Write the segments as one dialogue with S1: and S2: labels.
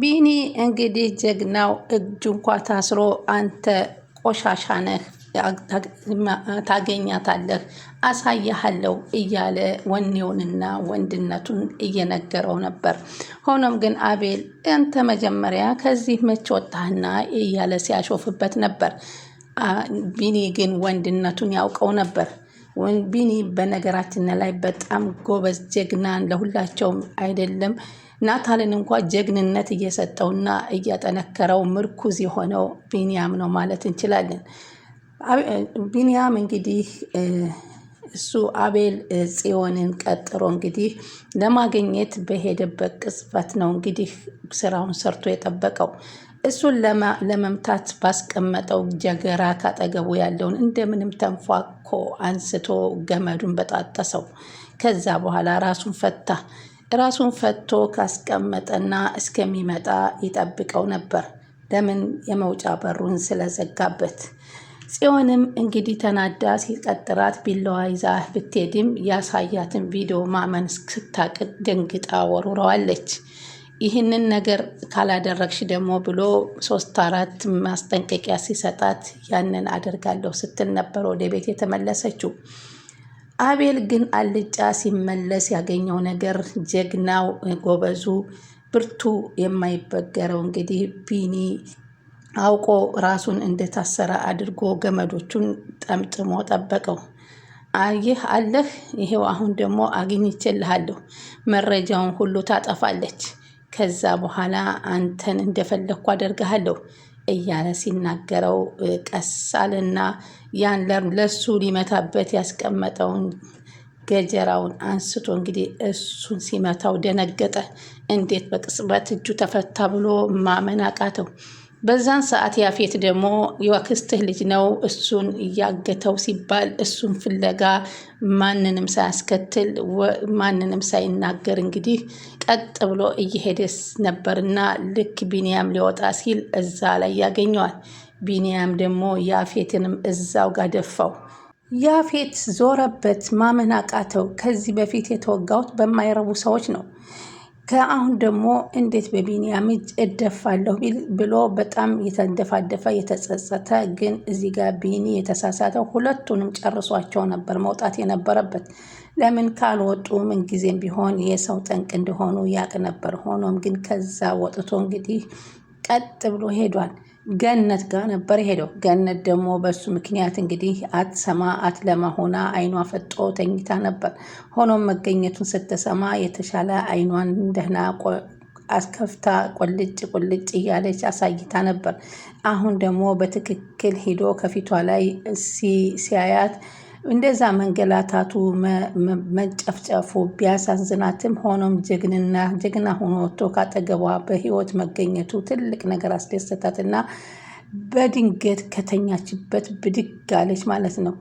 S1: ቢኒ እንግዲህ ጀግናው እጅ እንኳ ታስሮ አንተ ቆሻሻ ነህ ታገኛታለህ አሳያሃለሁ እያለ ወኔውንና ወንድነቱን እየነገረው ነበር። ሆኖም ግን አቤል አንተ መጀመሪያ ከዚህ መች ወጣህና እያለ ሲያሾፍበት ነበር። ቢኒ ግን ወንድነቱን ያውቀው ነበር። ቢኒ በነገራችን ላይ በጣም ጎበዝ ጀግናን ለሁላቸውም አይደለም ናታልን እንኳ ጀግንነት እየሰጠውና እያጠነከረው ምርኩዝ የሆነው ቢንያም ነው ማለት እንችላለን። ቢንያም እንግዲህ እሱ አቤል ጽዮንን ቀጥሮ እንግዲህ ለማግኘት በሄደበት ቅጽበት ነው እንግዲህ ስራውን ሰርቶ የጠበቀው። እሱን ለመምታት ባስቀመጠው ጀገራ ካጠገቡ ያለውን እንደምንም ተንፏኮ አንስቶ ገመዱን በጣጠሰው። ከዛ በኋላ ራሱን ፈታ። ራሱን ፈቶ ካስቀመጠና እስከሚመጣ ይጠብቀው ነበር። ለምን የመውጫ በሩን ስለዘጋበት። ጽዮንም እንግዲህ ተናዳ ሲቀጥራት ቢላዋ ይዛ ብትሄድም ያሳያትን ቪዲዮ ማመን ስታቅድ ደንግጣ ወርውረዋለች። ይህንን ነገር ካላደረግሽ ደግሞ ብሎ ሶስት አራት ማስጠንቀቂያ ሲሰጣት ያንን አደርጋለሁ ስትል ነበር ወደ ቤት የተመለሰችው። አቤል ግን አልጫ ሲመለስ ያገኘው ነገር ጀግናው፣ ጎበዙ፣ ብርቱ የማይበገረው እንግዲህ ቢኒ አውቆ ራሱን እንደታሰረ አድርጎ ገመዶቹን ጠምጥሞ ጠበቀው። ይህ አለህ ይሄው አሁን ደግሞ አግኝቼልሃለሁ፣ መረጃውን ሁሉ ታጠፋለች፣ ከዛ በኋላ አንተን እንደፈለግኩ አደርግሃለሁ እያለ ሲናገረው ቀሳልና ያን ለሱ ሊመታበት ያስቀመጠውን ገጀራውን አንስቶ እንግዲህ እሱን ሲመታው ደነገጠ። እንዴት በቅጽበት እጁ ተፈታ ብሎ ማመን አቃተው። በዛን ሰዓት ያፌት ደግሞ የዋክስትህ ልጅ ነው እሱን እያገተው ሲባል እሱን ፍለጋ ማንንም ሳያስከትል ማንንም ሳይናገር እንግዲህ ቀጥ ብሎ እየሄደስ ነበርና ልክ ቢንያም ሊወጣ ሲል እዛ ላይ ያገኘዋል። ቢንያም ደግሞ ያፌትንም እዛው ጋር ደፋው። ያፌት ዞረበት፣ ማመን አቃተው። ከዚህ በፊት የተወጋሁት በማይረቡ ሰዎች ነው ከአሁን ደግሞ እንዴት በቢንያም እጅ እደፋለሁ ብሎ በጣም የተደፋደፈ የተጸጸተ። ግን እዚህ ጋር ቢኒ የተሳሳተው ሁለቱንም ጨርሷቸው ነበር መውጣት የነበረበት። ለምን ካልወጡ ምንጊዜም ቢሆን የሰው ጠንቅ እንደሆኑ ያቅ ነበር። ሆኖም ግን ከዛ ወጥቶ እንግዲህ ቀጥ ብሎ ሄዷል። ገነት ጋር ነበር የሄደው። ገነት ደግሞ በሱ ምክንያት እንግዲህ አትሰማ አትለማ ሆና አይኗ ፈጦ ተኝታ ነበር። ሆኖም መገኘቱን ስትሰማ የተሻለ አይኗን ደህና አስከፍታ ቆልጭ ቁልጭ እያለች አሳይታ ነበር። አሁን ደግሞ በትክክል ሄዶ ከፊቷ ላይ ሲያያት እንደዛ መንገላታቱ መጨፍጨፉ ቢያሳዝናትም ሆኖም ጀግንና ጀግና ሆኖ ወጥቶ ካጠገቧ በህይወት መገኘቱ ትልቅ ነገር አስደሰታትና በድንገት ከተኛችበት ብድግ አለች ማለት ነው።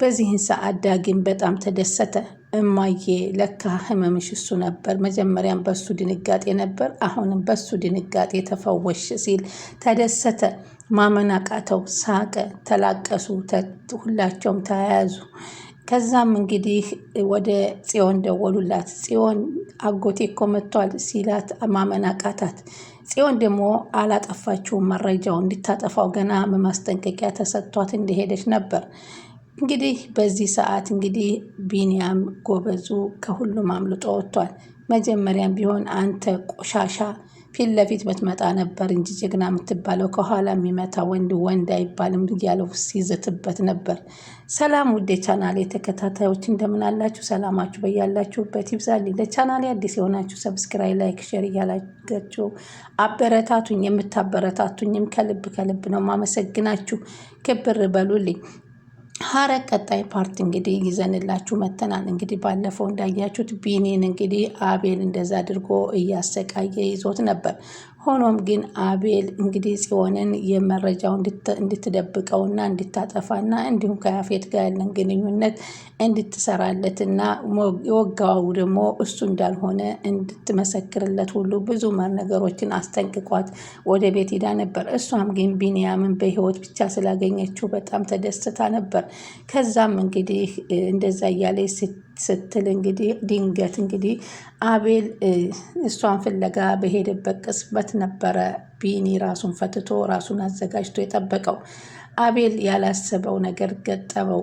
S1: በዚህን ሰዓት ዳግም በጣም ተደሰተ። እማዬ ለካ ህመምሽ እሱ ነበር። መጀመሪያም በሱ ድንጋጤ ነበር፣ አሁንም በሱ ድንጋጤ ተፈወሽ ሲል ተደሰተ። ማመን አቃተው። ሳቀ፣ ተላቀሱ፣ ሁላቸውም ተያያዙ። ከዛም እንግዲህ ወደ ጽዮን ደወሉላት። ጽዮን አጎቴ እኮ መጥቷል ሲላት ማመን አቃታት። ጽዮን ደግሞ አላጠፋችውም፣ መረጃው እንድታጠፋው ገና በማስጠንቀቂያ ተሰጥቷት እንደሄደች ነበር እንግዲህ በዚህ ሰዓት እንግዲህ ቢንያም ጎበዙ ከሁሉም አምልጦ ወጥቷል። መጀመሪያም ቢሆን አንተ ቆሻሻ ፊት ለፊት ብትመጣ ነበር እንጂ ጀግና የምትባለው ከኋላ የሚመታ ወንድ ወንድ አይባልም እያለው ሲዝትበት ነበር። ሰላም ውድ የቻናሌ ተከታታዮች እንደምን አላችሁ? ሰላማችሁ በያላችሁበት ይብዛል። ለቻናል አዲስ የሆናችሁ ሰብስክራይ፣ ላይክ፣ ሼር እያላችሁ አበረታቱኝ። የምታበረታቱኝም ከልብ ከልብ ነው ማመሰግናችሁ። ክብር በሉልኝ። ሀረ ቀጣይ ፓርት እንግዲህ ይዘንላችሁ መተናል። እንግዲህ ባለፈው እንዳያችሁት ቢኒን እንግዲህ አቤል እንደዛ አድርጎ እያሰቃየ ይዞት ነበር። ሆኖም ግን አቤል እንግዲህ ጽዮንን የመረጃው እንድትደብቀውና እንድታጠፋና እንዲሁም ከያፌት ጋር ያለን ግንኙነት እንድትሰራለትና የወጋው ደግሞ እሱ እንዳልሆነ እንድትመሰክርለት ሁሉ ብዙ ነገሮችን አስጠንቅቋት ወደ ቤት ሂዳ ነበር። እሷም ግን ቢንያምን በህይወት ብቻ ስላገኘችው በጣም ተደስታ ነበር። ነበር። ከዛም እንግዲህ እንደዛ እያለ ስትል እንግዲህ ድንገት እንግዲህ አቤል እሷን ፍለጋ በሄደበት ቅጽበት ነበረ ቢኒ ራሱን ፈትቶ ራሱን አዘጋጅቶ የጠበቀው። አቤል ያላሰበው ነገር ገጠመው።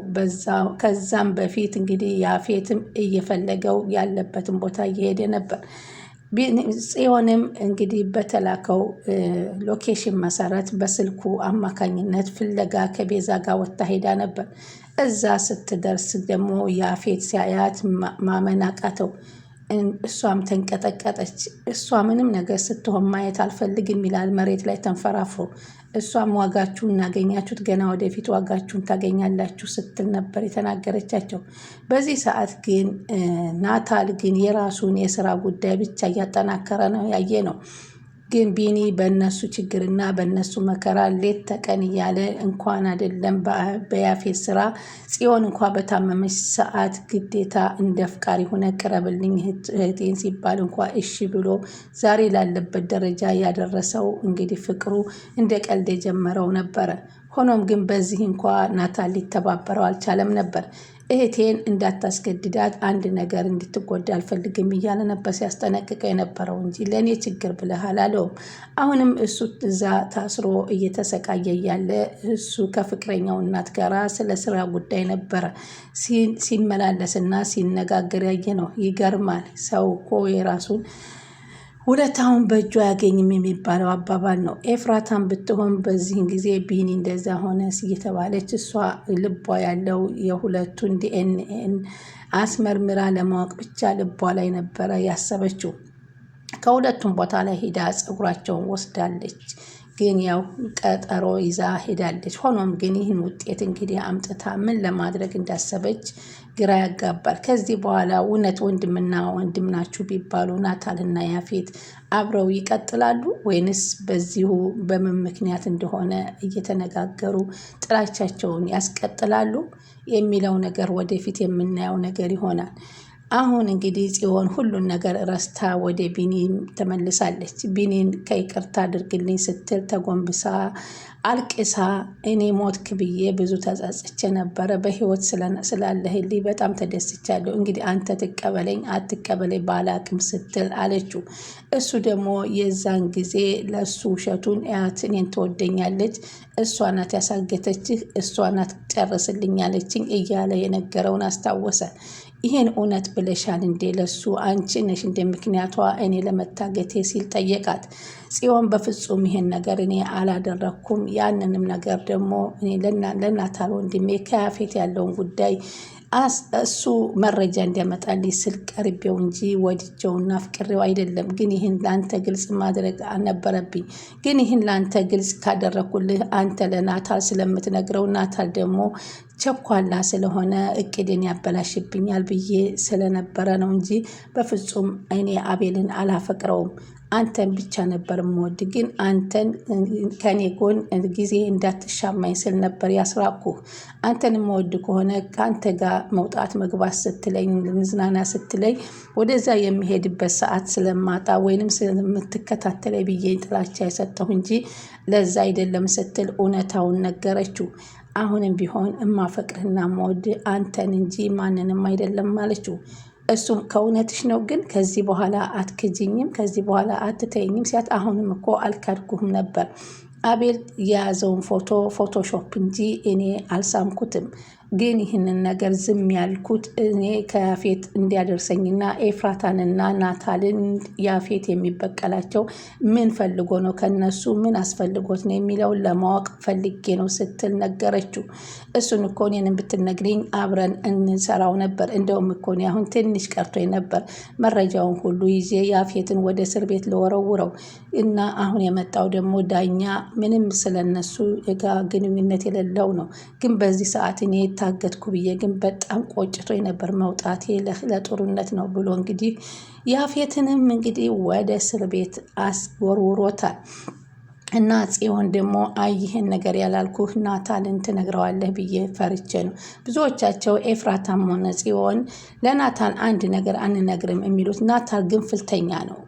S1: ከዛም በፊት እንግዲህ ያፌትም እየፈለገው ያለበትን ቦታ እየሄደ ነበር። ጽዮንም እንግዲህ በተላከው ሎኬሽን መሰረት በስልኩ አማካኝነት ፍለጋ ከቤዛ ጋር ወጥታ ሄዳ ነበር። እዛ ስትደርስ ደግሞ ያፌት ሲያያት ማመን አቃተው። እሷም ተንቀጠቀጠች። እሷ ምንም ነገር ስትሆን ማየት አልፈልግም ይላል መሬት ላይ ተንፈራፍሮ። እሷም ዋጋችሁን እናገኛችሁት ገና ወደፊት ዋጋችሁን ታገኛላችሁ ስትል ነበር የተናገረቻቸው። በዚህ ሰዓት ግን ናታል ግን የራሱን የስራ ጉዳይ ብቻ እያጠናከረ ነው ያየ ነው። ግን ቢኒ በእነሱ ችግርና በእነሱ መከራ ሌት ተቀን እያለ እንኳን አይደለም በያፌ ስራ ጽዮን እንኳ በታመመች ሰዓት ግዴታ እንደ ፍቃሪ ሆነ ቅረብልኝ እህቴን ሲባል እንኳ እሺ ብሎ ዛሬ ላለበት ደረጃ ያደረሰው እንግዲህ ፍቅሩ እንደ ቀልድ የጀመረው ነበረ። ሆኖም ግን በዚህ እንኳ ናታን ሊተባበረው አልቻለም ነበር። እህቴን እንዳታስገድዳት አንድ ነገር እንድትጎዳ አልፈልግም እያለ ነበር ሲያስጠነቅቀ የነበረው እንጂ ለእኔ ችግር ብለህ አላለውም። አሁንም እሱ እዛ ታስሮ እየተሰቃየ እያለ እሱ ከፍቅረኛው እናት ጋር ስለ ስራ ጉዳይ ነበረ ሲመላለስና ሲነጋገር ያየ ነው። ይገርማል። ሰው እኮ የራሱን አሁን በእጁ አያገኝም የሚባለው አባባል ነው። ኤፍራታን ብትሆን በዚህን ጊዜ ቢኒ እንደዛ ሆነ እየተባለች እሷ ልቧ ያለው የሁለቱን ዲኤንኤን አስመርምራ ለማወቅ ብቻ ልቧ ላይ ነበረ ያሰበችው። ከሁለቱም ቦታ ላይ ሂዳ ፀጉራቸውን ወስዳለች። ግን ያው ቀጠሮ ይዛ ሄዳለች። ሆኖም ግን ይህን ውጤት እንግዲህ አምጥታ ምን ለማድረግ እንዳሰበች ግራ ያጋባል። ከዚህ በኋላ እውነት ወንድምና ወንድም ናችሁ ቢባሉ ናታልና ያፌት አብረው ይቀጥላሉ ወይንስ በዚሁ በምን ምክንያት እንደሆነ እየተነጋገሩ ጥላቻቸውን ያስቀጥላሉ የሚለው ነገር ወደፊት የምናየው ነገር ይሆናል። አሁን እንግዲህ ጽዮን ሁሉን ነገር ረስታ ወደ ቢኒ ተመልሳለች። ቢኒን ከይቅርታ አድርግልኝ ስትል ተጎንብሳ አልቅሳ እኔ ሞትክ ብዬ ብዙ ተጸጽቼ ነበረ። በህይወት ስላለህልኝ በጣም ተደስቻለሁ። እንግዲህ አንተ ትቀበለኝ አትቀበለኝ ባላቅም ስትል አለችው። እሱ ደግሞ የዛን ጊዜ ለእሱ ውሸቱን እያት እኔን ትወደኛለች፣ እሷ ናት ያሳገተችህ፣ እሷ ናት ጨርስልኛለችኝ እያለ የነገረውን አስታወሰ። ይሄን እውነት ብለሻል እንዴ? ለሱ አንቺ ነሽ እንደ ምክንያቷ እኔ ለመታገቴ ሲል ጠየቃት። ጽዮን በፍጹም ይሄን ነገር እኔ አላደረኩም። ያንንም ነገር ደግሞ እኔ ለእናታል ወንድሜ ከያፌት ያለውን ጉዳይ እሱ መረጃ እንዲያመጣልኝ ስል ቀርቤው እንጂ ወድጀውና ፍቅሬው አይደለም። ግን ይህን ለአንተ ግልጽ ማድረግ አልነበረብኝ። ግን ይህን ለአንተ ግልጽ ካደረግኩልህ አንተ ለናታል ስለምትነግረው ናታል ደግሞ ቸኳላ ስለሆነ እቅድን ያበላሽብኛል ብዬ ስለነበረ ነው እንጂ በፍጹም እኔ አቤልን አላፈቅረውም። አንተን ብቻ ነበር የምወድ፣ ግን አንተን ከኔ ጎን ጊዜ እንዳትሻማኝ ስል ነበር ያስራኩ። አንተን የምወድ ከሆነ ከአንተ ጋር መውጣት መግባት ስትለኝ፣ መዝናና ስትለኝ ወደዛ የሚሄድበት ሰዓት ስለማጣ ወይንም ስለምትከታተለኝ ብዬ ጥላቻ የሰጠሁ እንጂ ለዛ አይደለም ስትል እውነታውን ነገረችው። አሁንም ቢሆን እማፈቅርህና መወድ አንተን እንጂ ማንንም አይደለም አለችው። እሱም ከእውነትሽ ነው፣ ግን ከዚህ በኋላ አትክጅኝም፣ ከዚህ በኋላ አትተይኝም ሲያት አሁንም እኮ አልካድኩህም ነበር አቤል የያዘውን ፎቶ ፎቶሾፕ እንጂ እኔ አልሳምኩትም ግን ይህንን ነገር ዝም ያልኩት እኔ ከያፌት እንዲያደርሰኝና ኤፍራታንና ናታልን ያፌት የሚበቀላቸው ምን ፈልጎ ነው ከነሱ ምን አስፈልጎት ነው የሚለውን ለማወቅ ፈልጌ ነው ስትል ነገረችው። እሱን እኮ እኔንም ብትነግሪኝ አብረን እንሰራው ነበር። እንደውም እኮ እኔ አሁን ትንሽ ቀርቶ ነበር መረጃውን ሁሉ ይዤ ያፌትን ወደ እስር ቤት ልወረውረው እና አሁን የመጣው ደግሞ ዳኛ ምንም ስለነሱ ጋ ግንኙነት የሌለው ነው። ግን በዚህ ሰዓት እኔ ታገድኩ ብዬ ግን በጣም ቆጭቶ የነበር መውጣቴ ለጦርነት ነው ብሎ እንግዲህ ያፌትንም እንግዲህ ወደ እስር ቤት አስወርውሮታል። እና ጽዮን ደግሞ አይ ይህን ነገር ያላልኩ ናታልን ትነግረዋለህ ብዬ ፈርቼ ነው። ብዙዎቻቸው ኤፍራታም ሆነ ጽዮን ለናታል አንድ ነገር አንነግርም የሚሉት ናታል ግን ፍልተኛ ነው።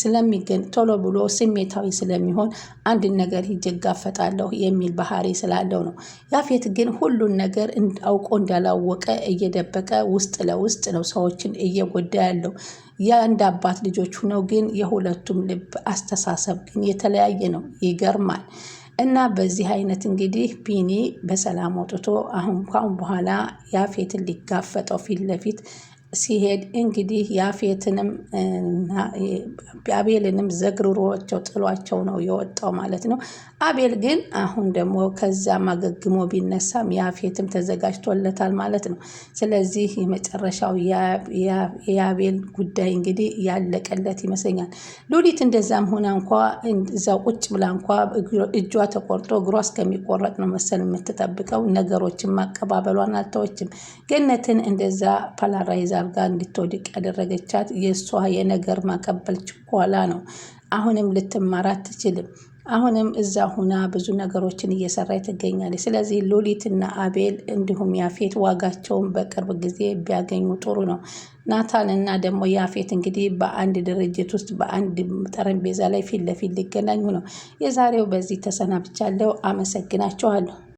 S1: ስለሚገኝ ቶሎ ብሎ ስሜታዊ ስለሚሆን አንድን ነገር ሂጅ እጋፈጣለሁ የሚል ባህሪ ስላለው ነው። ያፌት ግን ሁሉን ነገር አውቆ እንዳላወቀ እየደበቀ ውስጥ ለውስጥ ነው ሰዎችን እየጎዳ ያለው። የአንድ አባት ልጆች ሁነው ግን የሁለቱም ልብ አስተሳሰብ ግን የተለያየ ነው። ይገርማል። እና በዚህ አይነት እንግዲህ ቢኒ በሰላም ወጥቶ አሁን ካሁን በኋላ ያፌትን ሊጋፈጠው ፊት ለፊት ሲሄድ እንግዲህ ያፌትንም አቤልንም ዘግርሮቸው ጥሏቸው ነው የወጣው ማለት ነው። አቤል ግን አሁን ደግሞ ከዛም አገግሞ ቢነሳም ያፌትም ተዘጋጅቶለታል ማለት ነው። ስለዚህ የመጨረሻው የአቤል ጉዳይ እንግዲህ ያለቀለት ይመስለኛል። ሉሊት እንደዛም ሆና እንኳ እዛው ቁጭ ብላ እንኳ እጇ ተቆርጦ እግሯ እስከሚቆረጥ ነው መሰል የምትጠብቀው ነገሮችን ማቀባበሏን አልተወችም። ገነትን እንደዛ ፓላራይዛ አልጋ እንድትወድቅ ያደረገቻት የእሷ የነገር ማቀበል ችኮላ ነው። አሁንም ልትማር አትችልም። አሁንም እዛ ሁና ብዙ ነገሮችን እየሰራ ትገኛለች። ስለዚህ ሉሊትና አቤል እንዲሁም ያፌት ዋጋቸውን በቅርብ ጊዜ ቢያገኙ ጥሩ ነው። ናታን እና ደግሞ ያፌት እንግዲህ በአንድ ድርጅት ውስጥ በአንድ ጠረጴዛ ላይ ፊት ለፊት ሊገናኙ ነው። የዛሬው በዚህ ተሰናብቻለሁ። አመሰግናችኋለሁ።